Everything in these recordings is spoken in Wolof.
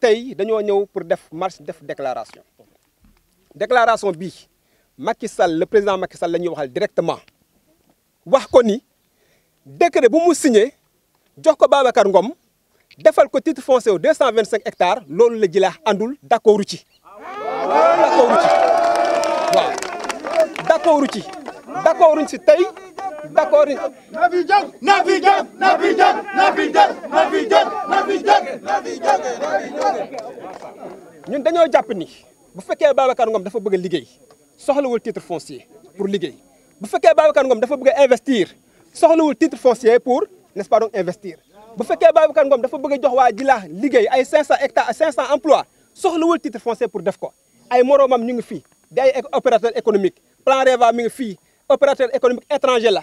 tey pour def marche def déclaration déclaration bi, Macky le président Macky Sall directement wax ko ni décret bu mu signé jox ko Babacar Ngom defal ko titre foncier wu 225 hectares loolu le gila d'accord. d'accordu ci d'accordu ci waaw ci d'accord Nafi au Nafi Nous titre foncier pour liggéey Babacar Ngom titre foncier pour n'est-ce pas donc investir bu Babacar Ngom jox 500 hectares 500 emplois titre foncier pour def ko ay ñu ngi opérateur économique plan rêve opérateur économique étranger là.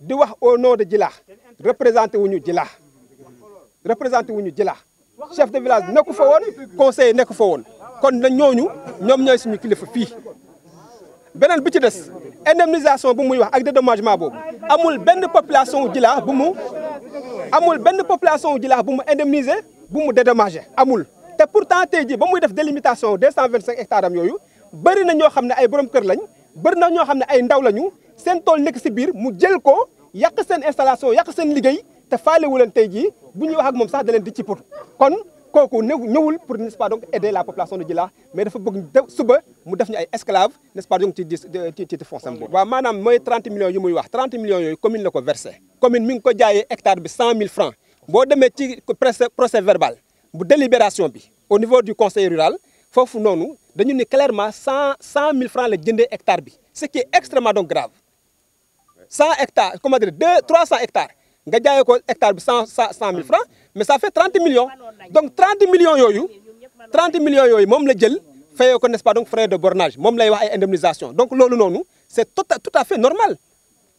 di wax au nom de Djila représenté wuñu Djila représenté wuñu Djila chef de village nekku fa woon conseiller nekku fa won kon na ñooñu ñom ñoy suñu kilifa fi benen bi ci dess indemnisation bu muy wax ak dédommagement bobu amul benn population Djila bu mu amul benn population Djila bu mu indemniser bu mu dédommager amul té pourtant tey jii ba muy def délimitation 225 hectares am yoyu bëri na ño xamné ay borom kër lañ bëri na ño xamné ay ndaw lañu sen tol nek ci bir mu jël ko yak sen installation yak sen liguey te faalewu leen tey jii buñu wax ak mom sax da leen di ci pour kon koku ñewul pour n'est-ce pas donc aider la population de Dila. mais dafa bëgg suba mu def ñu ay esclave n'est-ce pas donc ci ci ci foncem boobu. wa manam moy 30 millions yu muy wax 30 millions yoy commune la versé. commune mi ngi ko jaayé hectare bi 100 000 francs bo démé ci procès verbal bu délibération bi au niveau du conseil rural fofu nonu dañu ni clairement 100 100 000 francs la jëndé hectare bi ce qui est extrêmement donc grave. 100 hectares comment dire 200 300 hectares nga jaayee hectare bi 100 100 000 francs mais ça fait 30 millions donc 30 millions yoyu 30 millions yoyu mom la jël fayoo n'est-ce pas donc frais de bornage mom lay wax ay indemnisation donc c'est tout à fait normal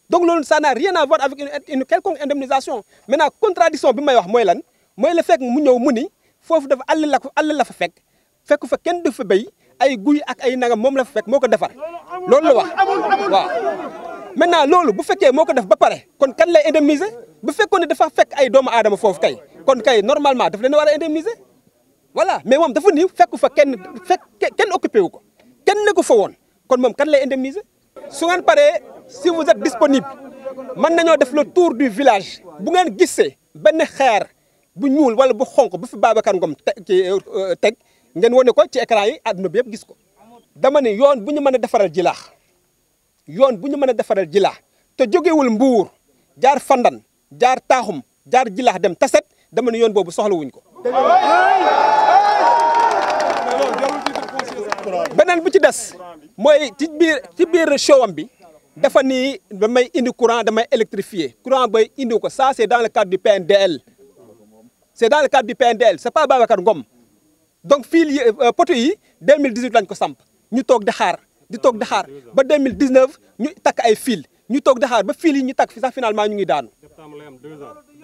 donc ça n'a rien à voir avec une quelconque indemnisation maintenant contradiction wax lan la contradiction, mu ñew muni fofu dafa àll la la fa fek. Fek fa kenn de fa bay ay guy ak ay nagam mom la fa maintenant lolo, bu fekkee qui vous def ba pare kon kan lay indemniser bu fekkoon ne fait fekk vous doomu aadama foofu vous kon kay normalement vous avez war indemniser voilà mais vous dafa nii vous fa vous fait que occupé vous ko ne fa vous kon kan lay indemniser si si vous êtes disponible maintenant vous le tour du village bu ngeen gisee benn vous bu ñuul wala bu xonq bu fi Babacar Ngom Vous euh, ngeen wane ko ci écran vous àdduna bi vous ko dama que yoon bu ñu yoon buñu mëna défaral jila, té jilaax te jaar fandan jaar taxum jaar jila dem taset dama yon yoon soxla wuñ ko benen bu ci dess moy ci bir ci bir showam bi dafa ni bamay indi courant damay électrifier courant bay indi ko ça c'est dans le cadre du PNDL c'est dans le cadre du PNDL c'est pas Babacar Ngom donc fil yi euh, poteau yi 2018 lañ ko samp ñu tok di xaar di tok daxaar ba 2019 ñu tak ay fil ñu tok daxaar ba fil yi ñu tak fi sax finalement ñu ngi daan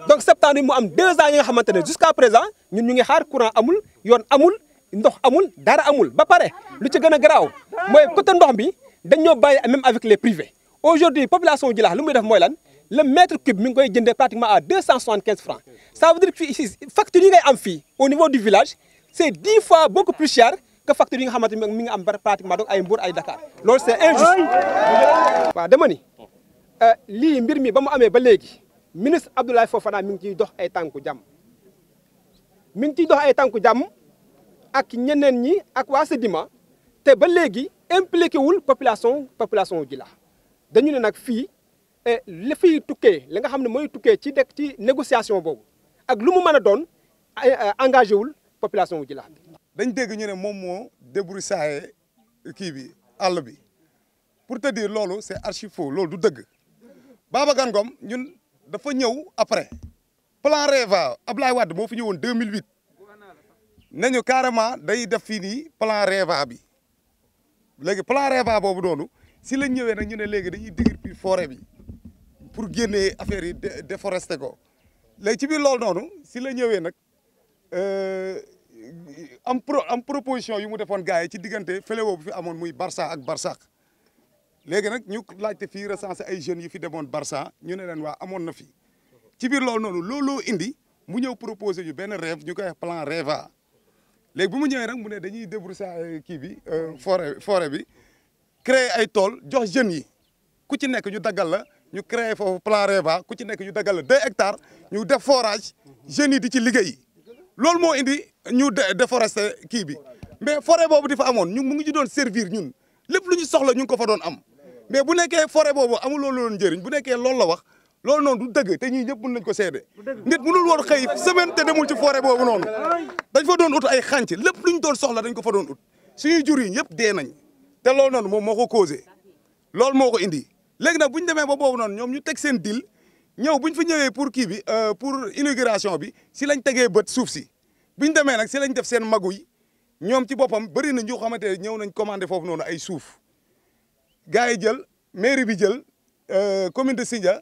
donc septembre yi mu am deux ans yi nga xamantene jusqu'à présent ñun ñu ngi xaar courant amul yoon amul ndox amul dara amul ba paré lu ci gëna graw moy côté ndox bi ñoo bàyyi même avec les privés aujourd'hui population Djilakh lu muy def moy lan le mètre cube mi ngi koy pratiquement à 275 francs ça veut dire que ici facture yi ngay am fi au niveau du village c'est dix fois beaucoup plus cher que facteur yi nga xamanteni mi ngi am pratiquement donc ay Mbour ay Dakar loolu c'est injuste wa dama ni euh, li mbir mi ba mu amee ba légui ministre Abdoulaye Fofana mi ngi ci dox ay tanku jam mi ngi ci dox ay tanku jam ak ñeneen ñi ak wa Sedima té ba légui impliqué wul population population wu Jila dañu nak fi euh le fi tuké li nga xamné moy tuké ci dék ci négociation bobu ak lu mu mën doon eh, engagé wul population wu Jila dañ dégg ñu ne moom moo débroussaillé kii bi àll bi pour te dire loolu c'est archi faux loolu du dëgg Baba Gane ñun dafa ñëw après plan REVA Ablaye Wade moo fi ñëwoon ne ñu carrément day def fii nii plan REVA bi léegi plan REVA boobu noonu si la ñëwee nag ñu ne léegi dañuy déguerpi foore bi pour génne affaire yi déforester ko léegi ci biir loolu noonu si la ñëwee nag. Euh, am pro am proposition yu mu defoon gars yi ci diggante fléau bu fi amoon muy barsa ak Barsaq léegi nag ñu laajte fii recensé ay jeunes yi fi demoon barsa ñu ne leen waa amoon na fi ci biir lool noonu looloo indi mu ñëw proposé yu benn rêve ñu koy wax plan REVA léegi bu mu ñëwee nag mu ne dañuy débroussailler kii bi euh, forêt forêt bi créer ay tool jox jeunes yi ku ci nekk ñu daggal la ñu créer foofu plan REVA ku ci nekk ñu daggal la deux hectares ñu def forage jeunes yi di ci liggéey. loolu moo indi ñu déforester kii bi mais forêt boobu di fa amoon ñu mu ngi ci doon servir ñun lépp lu ñu soxla ñu ko fa doon am mais bu nekkee forêt boobu amul loolu doon njëriñ bu nekkee loolu la wax loolu noonu du dëgg te ñii ñëpp mën nañu ko seede nit mënul woon xëy semaine te demul ci forêt boobu noonu dañ fa doon ut ay xànc lépp lu ñu doon soxla dañ ko fa doon ut suñuy jur yi ñëpp dee nañ te loolu noonu moom moo ko causé loolu moo ko indi léegi nag bu ñu demee ba boobu noonu ñoom ñu teg seen dil ñew buñ pour l'inauguration, bi euh, pour inauguration bi si lañ si buñ démé nak si lañ def sen maguy ñom ci bopam na ñu mairie euh, commune de Sindia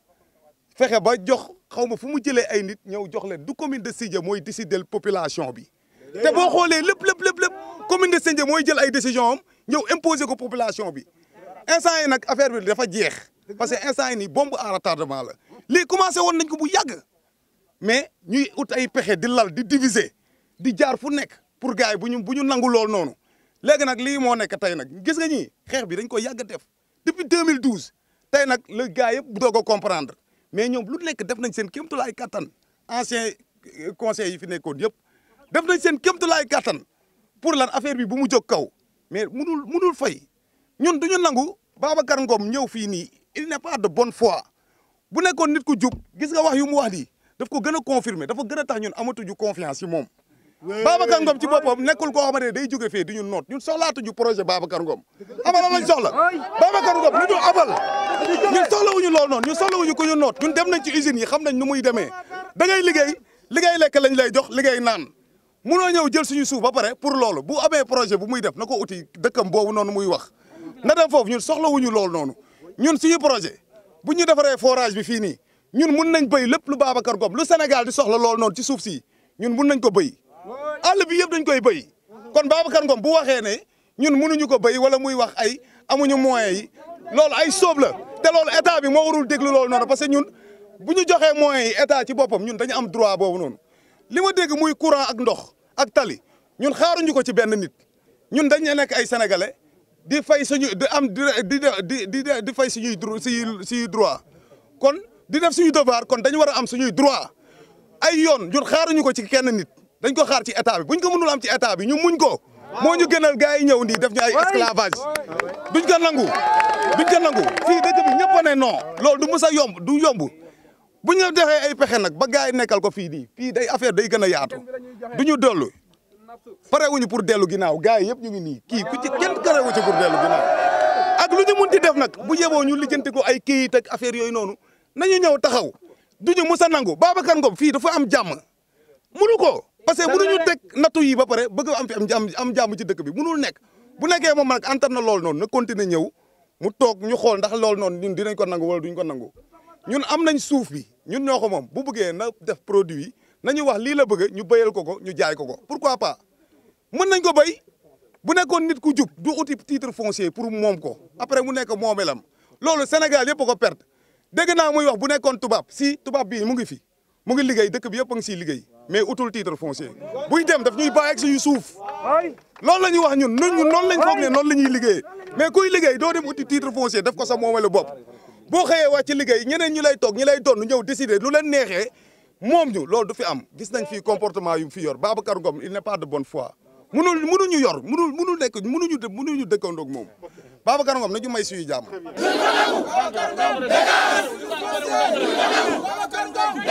fexé ba jox xawma fu mu jëlé ay nit ñëw jox lé du de Sindia moy décider population bi. té commune de Sindia jël ay décision imposer ko population bi instant yi nak affaire bi dafa parce que instant yi une bombe à retardement li commencé woon nañ ko bu yàgg mais ñuy out ay pexé di lal di diviser di jaar fu nek pour gaay buñu buñu nangul lool noonu légui nak li mo nek tay nak gis nga ñi xex bi dañ ko yàgg def depuis 2012 tay nak le gaay yeb doog a comprendre mais ñom lu nek def nañ seen kéemtulaay katan ancien euh, conseil yi fi nekkoon yeb def nañ seen kéemtulaay katan pour lan affaire bi bu mu jóg kaw mais munul munul fay ñun duñu ñu nangu Babacar Ngom ñew fi ni il n'est pas de bonne foi. bu nekkoon nit ku jub gis nga wax yu mu wax lii daf ko gën a daf dafa gën a tax ñun amatuñu confiance ci moom. Babacar Ngom ci boppam nekkul koo xamante ne day jóge fii di ñun noot ñun soxlaatuñu projet Babacar Ngom abal lañ soxla Babacar Ngom lu ñu abal ñun soxlawuñu lool noonu ñun soxlawuñu ko ñu noot ñun dem nañ ci usines yi xam nañ nu muy demee da ngay liggéey liggéey lekk lañ lay jox liggéey naan munoo ñëw jël suñu suuf ba pare pour loolu bu amee projet bu muy def na ko uti dëkkam boobu noonu muy wax na dem foofu ñun soxlawuñu lool noonu ñun suñu projet bu ñu defaree forage bi fii nii ñun mun nañ béy lépp lu kar Ngom lu Sénégal di soxla lool noonu ci suuf si ñun mun nañ ko béy àll bi yëpp dañ koy bay kon Babacar Ngom bu waxee ne ñun mënuñu ko béy wala muy wax ay amuñu moyens yi loolu ay sóob la te loolu état bi moo warul déglu loolu noonu parce que ñun bu ñu joxee moyens yi état ci boppam ñun dañu am droit boobu noonu li ma dégg muy courant ak ndox ak tali ñun xaaruñu ko ci benn nit ñun dañ nekk ay sénégalais. di fay suñu di am di di di di fay suñuy suñuy droit kon di def suñu devoir kon dañu wara am suñu droit ay yoon ñun xaaruñu ko ci kenn nit dañ ko xaar ci état bi buñ ko mënul am ci état bi ñu muñ ko mo ñu gënal gaay ñew ñëw def ñu ay esclavage duñ ko nangu duñ ko nangu fi dëkk bi ñepp ne non lool du mësa yomb du yomb bu ñu defee ay pexé nak ba gaay nekkal ko fi nii fi day affaire day gëna yaatu duñu dellu pare wuñu pour dellu ginnaaw gars yi yëpp ñu ngi nii kii ku ci kenn karewu ci pour dellu ginnaaw ak lu ñu munti def nag bu yeboo ñu lijjanti ko ay këyit ak affaire yooyu noonu nañu ñëw taxaw duñu musa nangu Babacar Ngom fii dafa am jàmm munu ko mu que ñu teg nattu yi ba pare bëgg am fi am am jàmm ci dëkk bi munul nekk bu nekkee moom nag antar na loolu noonu na continuer ñëw mu toog ñu xool ndax loolu noonu ñun dinañ ko nangu wala duñ ko nangu ñun am nañ suuf bi ñun ñoo ko moom bu bëggee na def nañu wax lii la bëgg ñu béyal ko ko ñu jaay ko ko pourquoi pas mën nañ ko béy bu nekkoon nit ku jub du uti titre foncier pour moom ko après mu nekk moomelam loolu Sénégal yëpp ko perte dégg naa muy wax bu nekkoon tubaab si tubaab bii mu ngi fi mu ngi liggéey dëkk bi yëpp a ngi liggéey mais utul titre foncier buy dem daf ñuy bàyyi ak suñu suuf loolu la ñuy wax ñun ñun noonu lañ foog ne noonu la ñuy liggéeyee mais kuy liggéey doo dem uti titre foncier daf ko sa moomelu bopp boo xëyee wàcc ci liggéey ñeneen ñu lay toog ñu lay doon ñëw décider lu leen neexee de ñu du fi am gis nañ comportement yu fi yor Babacar il n'est pas de bonne foi munul munuñu yor bonne foi. nekk ne dë pas dëkkandoog Babacar Ngom nañu de bonne foi.